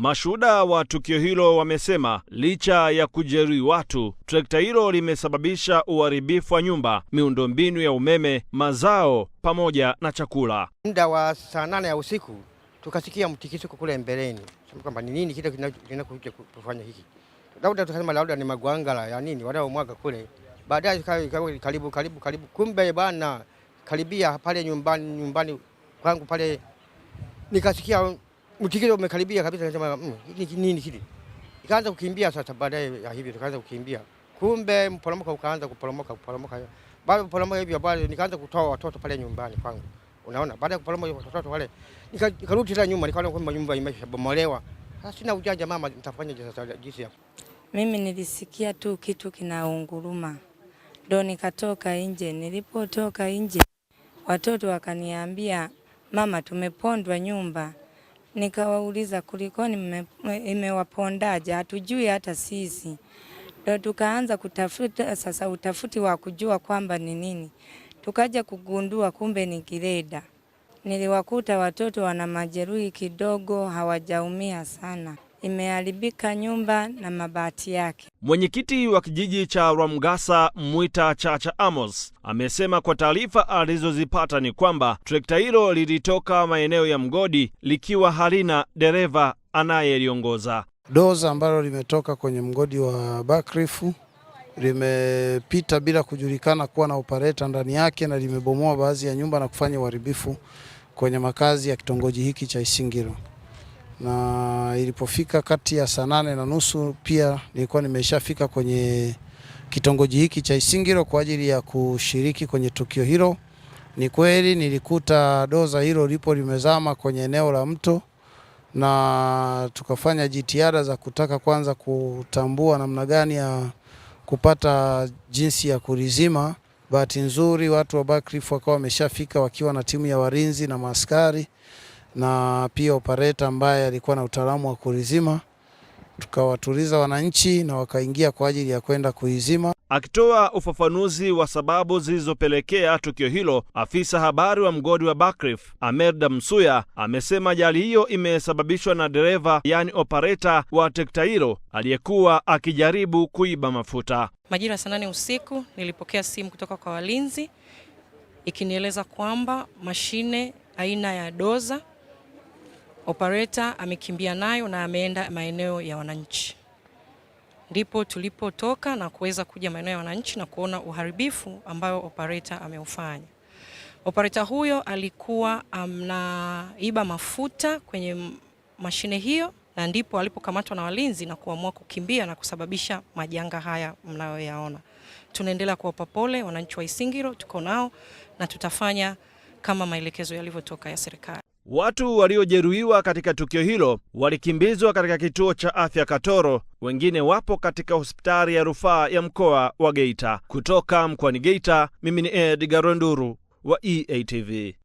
Mashuhuda wa tukio hilo wamesema licha ya kujeruhi watu, trekta hilo limesababisha uharibifu wa nyumba, miundombinu ya umeme, mazao pamoja na chakula. Muda wa saa nane ya usiku tukasikia mtikisiko kule mbeleni, kwamba ni nini kile kinachokuja kufanya hiki, labda tukasema labda ni magwangala ya nini wanaomwaga kule, baadaye karibu karibu karibu, kumbe bana karibia pale nyumbani, nyumbani kwangu pale nikasikia mtikio umekaribia kabisa, nasema nini kile, ikaanza kukimbia. Sasa baadaye ya hivyo tukaanza kukimbia, kumbe mporomoka ukaanza kuporomoka kuporomoka, baada kuporomoka hivyo, baada nikaanza kutoa watoto pale nyumbani kwangu, unaona. Baada ya kuporomoka watoto wale, nikarudi tena nyuma, nikaona kwamba nyumba imeshabomolewa. Sasa sina ujanja, mama, nitafanya sasa jinsi ya mimi nilisikia tu kitu kinaunguruma, ndo nikatoka nje. Nilipotoka nje, watoto wakaniambia mama, tumepondwa nyumba nikawauliza kulikoni, imewapondaje? Hatujui hata sisi. Ndo tukaanza kutafuta sasa, utafuti wa kujua kwamba ni nini, tukaja kugundua kumbe ni kireda. Niliwakuta watoto wana majeruhi kidogo, hawajaumia sana imeharibika nyumba na mabati yake. Mwenyekiti wa kijiji cha Rwamgasa Mwita Chacha Amos amesema kwa taarifa alizozipata ni kwamba trekta hilo lilitoka maeneo ya mgodi likiwa halina dereva anayeliongoza. Doza ambalo limetoka kwenye mgodi wa Bakrifu limepita bila kujulikana kuwa na opereta ndani yake na limebomoa baadhi ya nyumba na kufanya uharibifu kwenye makazi ya kitongoji hiki cha Isingiro na ilipofika kati ya saa nane na nusu pia nilikuwa nimeshafika kwenye kitongoji hiki cha Isingiro kwa ajili ya kushiriki kwenye tukio hilo. Ni kweli nilikuta doza hilo lipo limezama kwenye eneo la mto, na tukafanya jitihada za kutaka kwanza kutambua namna gani ya kupata jinsi ya kulizima. Bahati nzuri watu wa Buckreef wakawa wameshafika wakiwa na timu ya walinzi na maaskari na pia opereta ambaye alikuwa na utaalamu wa kurizima, tukawatuliza wananchi na wakaingia kwa ajili ya kwenda kuizima. Akitoa ufafanuzi wa sababu zilizopelekea tukio hilo, afisa habari wa mgodi wa Buckreef Amerda Msuya amesema ajali hiyo imesababishwa na dereva, yani opereta wa trekta hilo aliyekuwa akijaribu kuiba mafuta. Majira ya saa nane usiku nilipokea simu kutoka kwa walinzi ikinieleza kwamba mashine aina ya doza operator amekimbia nayo na ameenda maeneo ya wananchi. Ndipo tulipotoka na kuweza kuja maeneo ya wananchi na kuona uharibifu ambayo operator ameufanya. Operator huyo alikuwa anaiba mafuta kwenye mashine hiyo na ndipo alipokamatwa na walinzi na kuamua kukimbia na kusababisha majanga haya mnayoyaona. Tunaendelea kuwapa pole wananchi wa Isingiro, tuko nao na tutafanya kama maelekezo yalivyotoka ya serikali. Watu waliojeruhiwa katika tukio hilo walikimbizwa katika kituo cha afya Katoro, wengine wapo katika hospitali ya rufaa ya mkoa wa Geita. Kutoka mkoani Geita, mimi ni Ed Garonduru wa EATV.